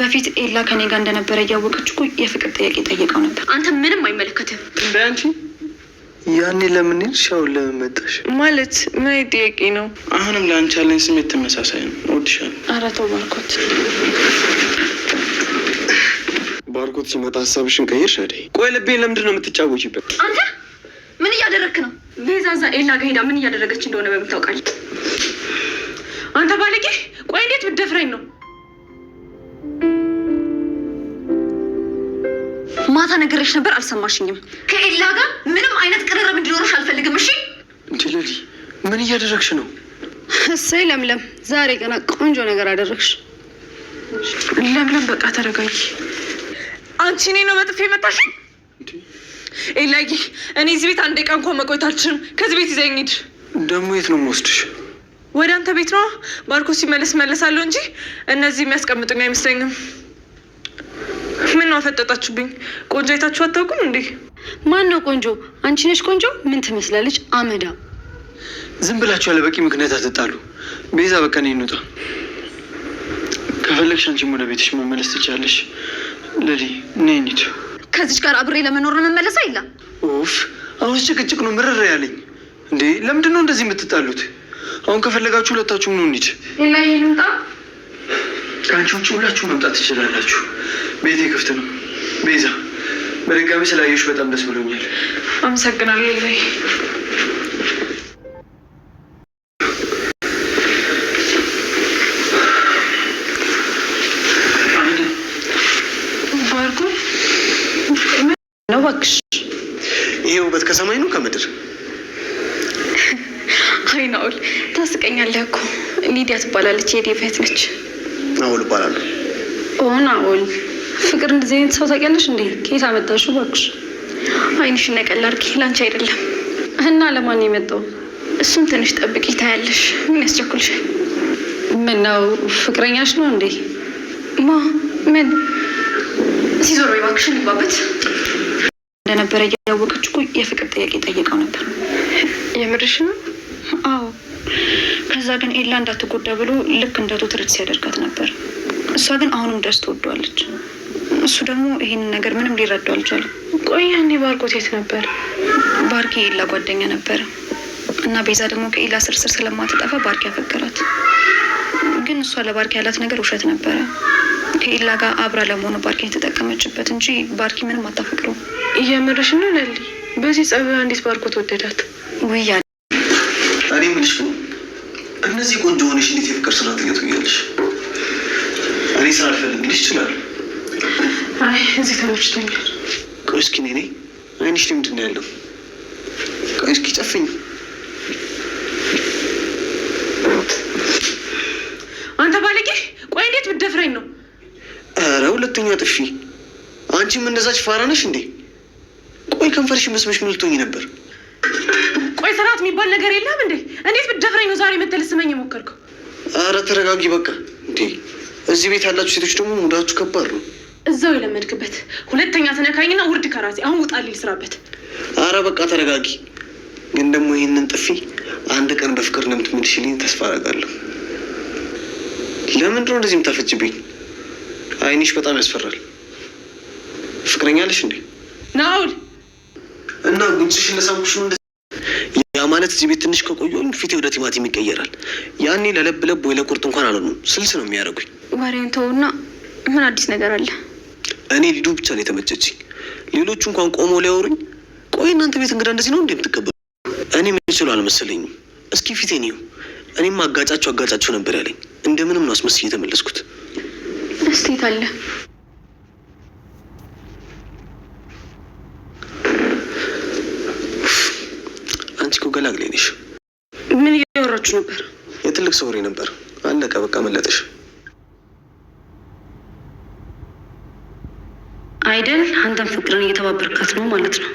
በፊት ኤላ ከኔ ጋር እንደነበረ እያወቀች እኮ የፍቅር ጥያቄ ጠየቀው ነበር። አንተ ምንም አይመለከትም። እንደ አንቺ ያኔ ለምን ሄድሽ? አሁን ለምን መጣሽ? ማለት ምን ጥያቄ ነው? አሁንም ለአንቺ ያለኝ ስሜት ተመሳሳይ ነው። እወድሻለሁ። ኧረ ተው ባርኮት። ባርኮት ሲመጣ ሀሳብሽን ቀይርሽ። አይደል? ቆይ ልቤን ለምንድን ነው የምትጫወቺበት? አንተ ምን እያደረግክ ነው? ቤዛዛ ኤላ ጋር ሄዳ ምን እያደረገች እንደሆነ በምን አንተ ባለጌ! ቆይ እንዴት ብደፍረኝ ነው ማታ ነገርሽ ነበር አልሰማሽኝም። ከኤላ ጋር ምንም አይነት ቅርርብ እንዲኖርሽ አልፈልግም። እሺ ጀለሊ፣ ምን እያደረግሽ ነው? እሰይ ለምለም፣ ዛሬ ቀና ቆንጆ ነገር አደረግሽ። ለምለም፣ በቃ ተረጋጊ። አንቺ እኔ ነው መጥፌ መጣሽ። ኤላጊ፣ እኔ እዚህ ቤት አንድ ቀን እንኳን መቆየት አልችልም። ከዚህ ቤት ይዘኝ ሂድ። ደግሞ የት ነው የምወስድሽ? ወደ አንተ ቤት ነው። ባርኮ ሲመለስ መለሳለሁ እንጂ እነዚህ የሚያስቀምጡኝ አይመስለኝም። ምን አፈጠጣችሁብኝ? ቆንጆ አይታችሁ አታውቁም እንዴ? ማን ነው ቆንጆ? አንቺ ነሽ ቆንጆ? ምን ትመስላለች? አመዳ። ዝም ብላችሁ ያለ በቂ ምክንያት አትጣሉ። ቤዛ፣ በቃ እኔ እንውጣ። ከፈለግሽ አንቺም ወደ ቤትሽ መመለስ ትችላለሽ። ለሊ፣ ነኝት ከዚች ጋር አብሬ ለመኖር መመለስ አይላ። ኡፍ፣ አሁን ጭቅጭቅ ነው ምርር ያለኝ። እንዴ፣ ለምንድን ነው እንደዚህ የምትጣሉት? አሁን ከፈለጋችሁ ሁለታችሁም ነው እንሂድ። ሌላ ይሄ እንውጣ ከአንቺ ውጭ ሁላችሁ መምጣት ትችላላችሁ። ቤቴ ክፍት ነው። ቤዛ፣ በድጋሚ ስላየሁሽ በጣም ደስ ብሎኛል። አመሰግናለሁ ላይ እባክሽ ይሄ ውበት ከሰማይ ነው ከምድር? አይናውል ታስቀኛለህ እኮ። ሊዲያ ትባላለች፣ የዴ እህት ነች። ናውል እባላለሁ። ኦ ናውል፣ ፍቅር እንደዚህ አይነት ሰው ታውቂያለሽ እንዴ? ከየት አመጣሽው እባክሽ? አይንሽ ነቀላር አድርጊ፣ አይደለም። እና ለማን የመጣው? እሱም ትንሽ ጠብቂ ታያለሽ። ምን ያስቸኩልሽ? ምን ነው ፍቅረኛሽ ነው እንዴ? ማ ምን ሲዞር እባክሽን ይባበት እንደነበረ ተጎዳ ብሎ ልክ እንደ ሩት ርድ ሲያደርጋት ነበር። እሷ ግን አሁንም ድረስ ትወዷለች። እሱ ደግሞ ይህን ነገር ምንም ሊረዳው አልቻለም። ቆይ ያኔ ባርኮት የት ነበር? ባርኪ የላ ጓደኛ ነበር እና ቤዛ ደግሞ ከኢላ ስርስር ስለማትጠፋ ባርኪ ያፈቀራት። ግን እሷ ለባርኪ ያላት ነገር ውሸት ነበረ። ከኢላ ጋር አብራ ለመሆኑ ባርኪ የተጠቀመችበት እንጂ ባርኪ ምንም አታፈቅረው። እያመረሽ ነው ለሊ። በዚህ ጸባዩ አንዲት ባርኮት ወደዳት? ውያ እኔ የምልሽ ከእነዚህ ቆንጆ ሆነሽ እንዴት የፍቅር ሰራተኛ ትሆኛለሽ? እኔ ስራ አልፈልግልሽ ይችላል። አይ እዚህ ተመችቶኛል። ቆይ እስኪ እኔ አይንሽ ላይ ምንድን ነው ያለው? ቆይ እስኪ ጨፍኝ። አንተ ባለጌ! ቆይ እንዴት ብደፍረኝ ነው? ኧረ ሁለተኛ ጥፊ! አንቺም እንደዛች ፋራ ነሽ እንዴ? ቆይ ከንፈርሽ መስመሽ ምን ነበር? ቆይ ስርዓት የሚባል ነገር የለም እንዴ? እንዴት ብደፍረኝ ነው ዛሬ የምትል ስመኝ የሞከርከው? አረ ተረጋጊ በቃ። እንዴ እዚህ ቤት ያላችሁ ሴቶች ደግሞ ሙዳችሁ ከባድ ነው። እዛው የለመድክበት ሁለተኛ ተነካኝና ውርድ ከራሴ አሁን ሊል ስራበት። አረ በቃ ተረጋጊ። ግን ደግሞ ይህንን ጥፊ አንድ ቀን በፍቅር እንደምትመልሽልኝ ተስፋ አደርጋለሁ። ለምንድን እንደዚህ የምታፈጅብኝ? አይንሽ በጣም ያስፈራል። ፍቅረኛ አለሽ እንዴ ናውል? እና ጉንጭሽ ለሳምኩሽ ነው። ማለት እዚህ ቤት ትንሽ ከቆየሁኝ ፊቴ ወደ ቲማቲም ይቀየራል። ያኔ ለለብ ለብ ወይ ለቁርጥ እንኳን አልሆኑም፣ ስልስ ነው የሚያደርጉኝ። ወሬውን ተውና ምን አዲስ ነገር አለ? እኔ ሊዱ ብቻ ነው የተመቸችኝ። ሌሎቹ እንኳን ቆሞ ሊያወሩኝ፣ ቆይ እናንተ ቤት እንግዳ እንደዚህ ነው እንዴ የምትቀበሉ? እኔ ምንችሉ አልመሰለኝም። እስኪ ፊቴን ይሁ። እኔም አጋጫቸው አጋጫቸው ነበር ያለኝ። እንደምንም ነው አስመስዬ የተመለስኩት። ደስቴት አለ እያወራች ነበር። የትልቅ ሰው ወሬ ነበር። አለቀ በቃ መለጠሽ አይደል? አንተን ፍቅርን እየተባበርካት ነው ማለት ነው።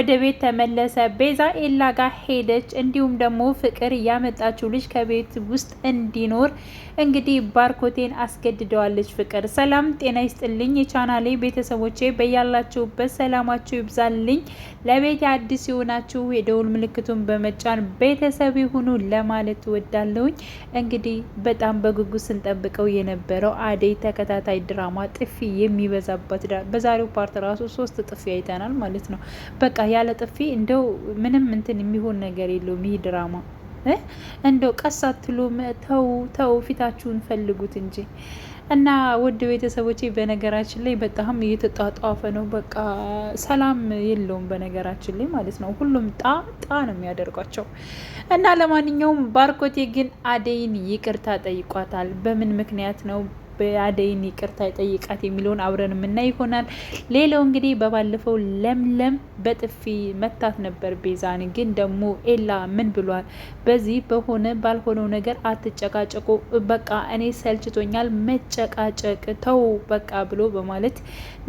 ወደ ቤት ተመለሰ። ቤዛ ኤላ ጋር ሄደች። እንዲሁም ደግሞ ፍቅር እያመጣችው ልጅ ከቤት ውስጥ እንዲኖር እንግዲህ ባርኮቴን አስገድደዋለች። ፍቅር ሰላም ጤና ይስጥልኝ የቻናሌ ቤተሰቦቼ በያላችሁበት ሰላማችሁ ይብዛልኝ። ለቤት አዲስ የሆናችሁ የደውል ምልክቱን በመጫን ቤተሰብ ይሁኑ ለማለት ወዳለሁኝ። እንግዲህ በጣም በጉጉት ስንጠብቀው የነበረው አደይ ተከታታይ ድራማ ጥፊ የሚበዛበት በዛሬው ፓርት ራሱ ሶስት ጥፊ አይተናል ማለት ነው በቃ ያለ ጥፊ እንደው ምንም እንትን የሚሆን ነገር የለውም ይህ ድራማ። እንደው ቀስ አትሉም? ተው ተው፣ ፊታችሁን ፈልጉት እንጂ እና ውድ ቤተሰቦቼ በነገራችን ላይ በጣም እየተጧጧፈ ነው። በቃ ሰላም የለውም በነገራችን ላይ ማለት ነው። ሁሉም ጣ ጣ ነው የሚያደርጓቸው። እና ለማንኛውም ባርኮቴ ግን አደይን ይቅርታ ጠይቋታል። በምን ምክንያት ነው በአደይን ይቅርታ ይጠይቃት የሚለውን አብረን የምናይ ይሆናል። ሌላው እንግዲህ በባለፈው ለምለም በጥፊ መታት ነበር ቤዛን። ግን ደግሞ ኤላ ምን ብሏል? በዚህ በሆነ ባልሆነው ነገር አትጨቃጨቁ፣ በቃ እኔ ሰልችቶኛል መጨቃጨቅ፣ ተው በቃ ብሎ በማለት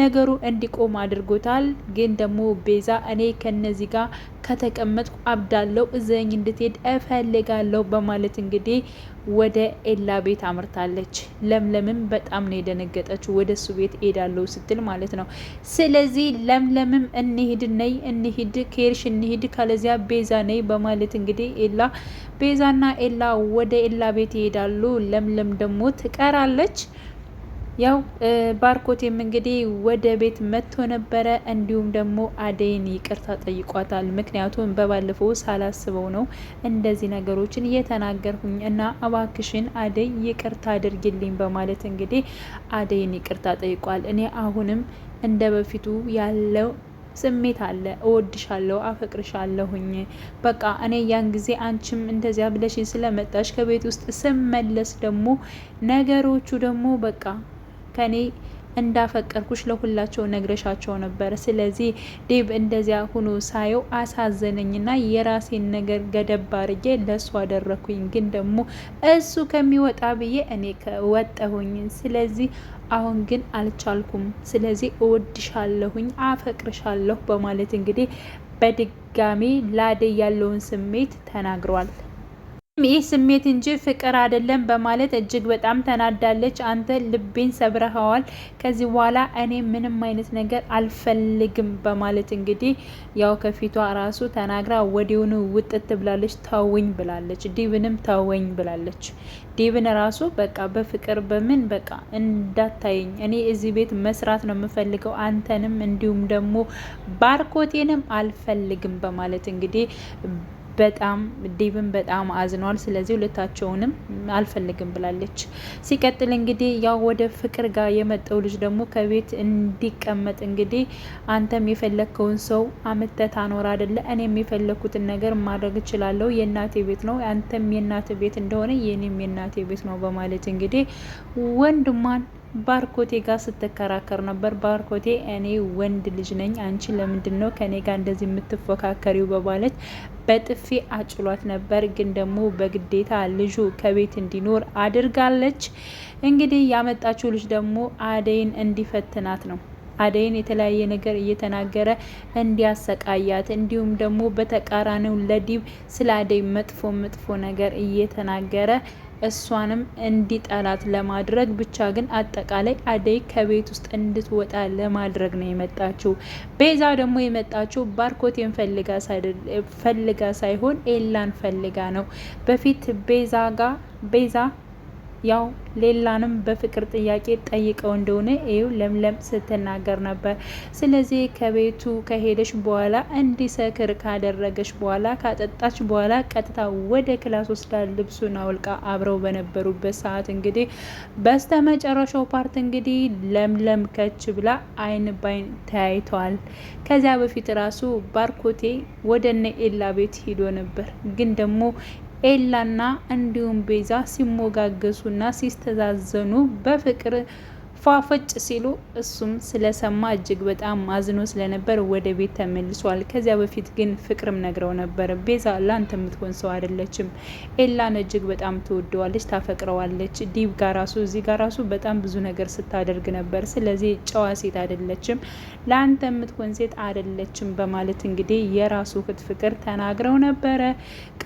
ነገሩ እንዲቆም አድርጎታል። ግን ደግሞ ቤዛ እኔ ከነዚህ ጋር ከተቀመጥኩ አብዳለው እዘኝ እንድትሄድ እፈልጋለሁ በማለት እንግዲህ ወደ ኤላ ቤት አምርታለች። ለምለምም በጣም ነው የደነገጠችው ወደ እሱ ቤት ሄዳለው ስትል ማለት ነው። ስለዚህ ለምለምም እንሂድ ነይ፣ እንሂድ ከሄድሽ እንሂድ፣ ካለዚያ ቤዛ ነይ በማለት እንግዲህ ኤላ ቤዛና ኤላ ወደ ኤላ ቤት ይሄዳሉ። ለምለም ደግሞ ትቀራለች። ያው ባርኮቴም እንግዲህ ወደ ቤት መጥቶ ነበረ። እንዲሁም ደግሞ አደይን ይቅርታ ጠይቋታል። ምክንያቱም በባለፈው ሳላስበው ነው እንደዚህ ነገሮችን እየተናገርኩኝ እና እባክሽን አደይ ይቅርታ አድርግልኝ በማለት እንግዲህ አደይን ይቅርታ ጠይቋል። እኔ አሁንም እንደ በፊቱ ያለው ስሜት አለ። እወድሻለሁ፣ አፈቅርሻለሁኝ። በቃ እኔ ያን ጊዜ አንቺም እንደዚያ ብለሽኝ ስለመጣሽ ከቤት ውስጥ ስመለስ ደግሞ ነገሮቹ ደግሞ በቃ ከኔ እንዳፈቀርኩሽ ለሁላቸው ነግረሻቸው ነበር። ስለዚህ ዴብ እንደዚያ ሁኖ ሳየው አሳዘነኝና የራሴን ነገር ገደብ አርጌ ለእሱ አደረኩኝ። ግን ደግሞ እሱ ከሚወጣ ብዬ እኔ ወጠሁኝ። ስለዚህ አሁን ግን አልቻልኩም። ስለዚህ እወድሻለሁኝ፣ አፈቅርሻለሁ በማለት እንግዲህ በድጋሜ ላደይ ያለውን ስሜት ተናግሯል። ይህ ስሜት እንጂ ፍቅር አይደለም በማለት እጅግ በጣም ተናዳለች። አንተ ልቤን ሰብረኸዋል፣ ከዚህ በኋላ እኔ ምንም አይነት ነገር አልፈልግም በማለት እንግዲህ ያው ከፊቷ ራሱ ተናግራ ወዲውኑ ውጥት ብላለች። ተውኝ ብላለች። ዲብንም ተወኝ ብላለች። ዲብን ራሱ በቃ በፍቅር በምን በቃ እንዳታየኝ፣ እኔ እዚህ ቤት መስራት ነው የምፈልገው፣ አንተንም እንዲሁም ደግሞ ባርኮቴንም አልፈልግም በማለት እንግዲህ በጣም ዴብን በጣም አዝኗል። ስለዚህ ሁለታቸውንም አልፈልግም ብላለች። ሲቀጥል እንግዲህ ያው ወደ ፍቅር ጋር የመጣው ልጅ ደግሞ ከቤት እንዲቀመጥ እንግዲህ አንተም የፈለግከውን ሰው አምተት አኖር አይደለ? እኔ የሚፈለግኩትን ነገር ማድረግ እችላለሁ። የእናቴ ቤት ነው፣ አንተም የእናቴ ቤት እንደሆነ የኔም የእናቴ ቤት ነው በማለት እንግዲህ ወንድሟን ባርኮቴ ጋር ስትከራከር ነበር። ባርኮቴ እኔ ወንድ ልጅ ነኝ፣ አንቺ ለምንድን ነው ከኔ ጋር እንደዚህ የምትፎካከሪው? በማለት በጥፊ አጭሏት ነበር። ግን ደግሞ በግዴታ ልጁ ከቤት እንዲኖር አድርጋለች። እንግዲህ ያመጣችው ልጅ ደግሞ አደይን እንዲፈትናት ነው አደይን የተለያየ ነገር እየተናገረ እንዲያሰቃያት እንዲሁም ደግሞ በተቃራኒው ለዲብ ስለ አደይ መጥፎ መጥፎ ነገር እየተናገረ እሷንም እንዲጠላት ለማድረግ ብቻ ግን አጠቃላይ አደይ ከቤት ውስጥ እንድትወጣ ለማድረግ ነው የመጣችው። ቤዛ ደግሞ የመጣችው ባርኮቴን ፈልጋ ሳይሆን ኤላን ፈልጋ ነው። በፊት ቤዛ ጋር ቤዛ ያው ሌላንም በፍቅር ጥያቄ ጠይቀው እንደሆነ ይው ለምለም ስትናገር ነበር። ስለዚህ ከቤቱ ከሄደች በኋላ እንዲሰክር ካደረገች በኋላ ካጠጣች በኋላ ቀጥታ ወደ ክላስ ወስዳ ልብሱን አውልቃ አብረው በነበሩበት ሰዓት እንግዲህ በስተመጨረሻው ፓርት እንግዲህ ለምለም ከች ብላ አይን ባይን ተያይተዋል። ከዚያ በፊት ራሱ ባርኮቴ ወደ እነ ኤላ ቤት ሂዶ ነበር ግን ደግሞ ኤላና እንዲሁም ቤዛ ሲሞጋገሱና ሲስተዛዘኑ በፍቅር ፏፈጭ ሲሉ እሱም ስለሰማ እጅግ በጣም አዝኖ ስለነበር ወደ ቤት ተመልሷል። ከዚያ በፊት ግን ፍቅርም ነግረው ነበር፣ ቤዛ ላንተ የምትሆን ሰው አይደለችም። ኤላን እጅግ በጣም ትወደዋለች፣ ታፈቅረዋለች። ዲብ ጋር ራሱ እዚህ ጋር ራሱ በጣም ብዙ ነገር ስታደርግ ነበር። ስለዚህ ጨዋ ሴት አይደለችም፣ ለአንተ የምትሆን ሴት አይደለችም በማለት እንግዲህ የራሱ ክት ፍቅር ተናግረው ነበረ።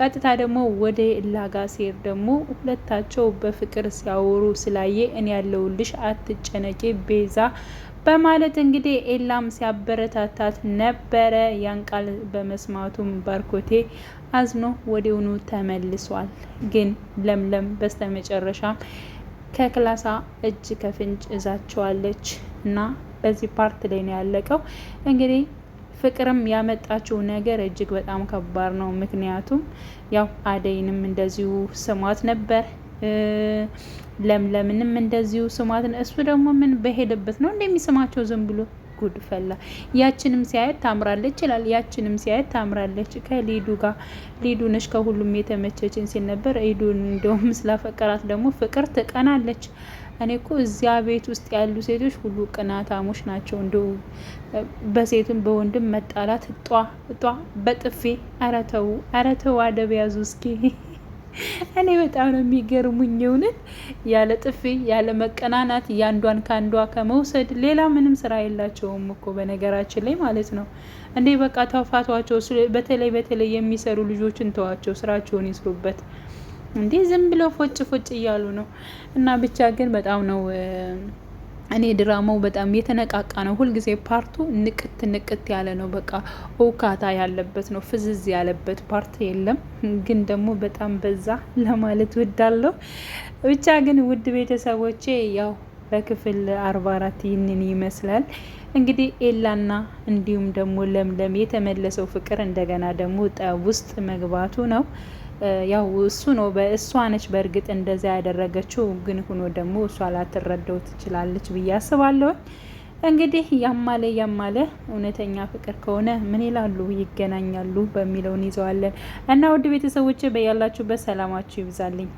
ቀጥታ ደግሞ ወደ ኤላ ጋር ሲሄድ ደግሞ ሁለታቸው በፍቅር ሲያወሩ ስላየ እኔ ያለውልሽ አትጭ አትጨነቂ ቤዛ በማለት እንግዲህ ኤላም ሲያበረታታት ነበረ። ያን ቃል በመስማቱም ባርኮቴ አዝኖ ወዲውኑ ተመልሷል። ግን ለምለም በስተመጨረሻም ከክላሳ እጅ ከፍንጭ እዛቸዋለች እና በዚህ ፓርት ላይ ነው ያለቀው። እንግዲህ ፍቅርም ያመጣችው ነገር እጅግ በጣም ከባድ ነው። ምክንያቱም ያው አደይንም እንደዚሁ ስሟት ነበር ለምለምንም እንደዚሁ ስሟትን። እሱ ደግሞ ምን በሄደበት ነው እንደሚስማቸው ዝም ብሎ ጉድ ፈላ። ያችንም ሲያየት ታምራለች ይላል፣ ያችንም ሲያየት ታምራለች ከሊዱ ጋር ሊዱ ነች ከሁሉም የተመቸችን ሲል ነበር። ሊዱ እንደውም ስላፈቀራት ደግሞ ፍቅር ትቀናለች። እኔ እኮ እዚያ ቤት ውስጥ ያሉ ሴቶች ሁሉ ቅናታሞች ናቸው። እንደው በሴትም በወንድም መጣላት ጧ ጧ በጥፌ አረተው አረተው አደብ ያዙ እስኪ እኔ በጣም ነው የሚገርሙኝ እውነት ያለ ጥፊ ያለ መቀናናት ያንዷን ከአንዷ ከመውሰድ ሌላ ምንም ስራ የላቸውም እኮ በነገራችን ላይ ማለት ነው። እንዴ በቃ ተፋቷቸው። በተለይ በተለይ የሚሰሩ ልጆችን ተዋቸው፣ ስራቸውን ይስሩበት። እንዴ ዝም ብለው ፎጭ ፎጭ እያሉ ነው እና ብቻ ግን በጣም ነው እኔ ድራማው በጣም የተነቃቃ ነው። ሁልጊዜ ፓርቱ ንቅት ንቅት ያለ ነው። በቃ እውካታ ያለበት ነው። ፍዝዝ ያለበት ፓርት የለም። ግን ደግሞ በጣም በዛ ለማለት ወዳለሁ። ብቻ ግን ውድ ቤተሰቦቼ ያው በክፍል አርባ አራት ይህንን ይመስላል እንግዲህ ኤላና እንዲሁም ደግሞ ለምለም የተመለሰው ፍቅር እንደገና ደግሞ ጠብ ውስጥ መግባቱ ነው። ያው እሱ ነው በእሷ ነች በእርግጥ እንደዛ ያደረገችው፣ ግን ሁኖ ደግሞ እሷ ላትረዳው ትችላለች ብዬ አስባለሁ። እንግዲህ ያማለ ያማለ እውነተኛ ፍቅር ከሆነ ምን ይላሉ ይገናኛሉ በሚለውን ይዘዋለን እና ውድ ቤተሰቦች በያላችሁበት ሰላማችሁ ይብዛልኝ።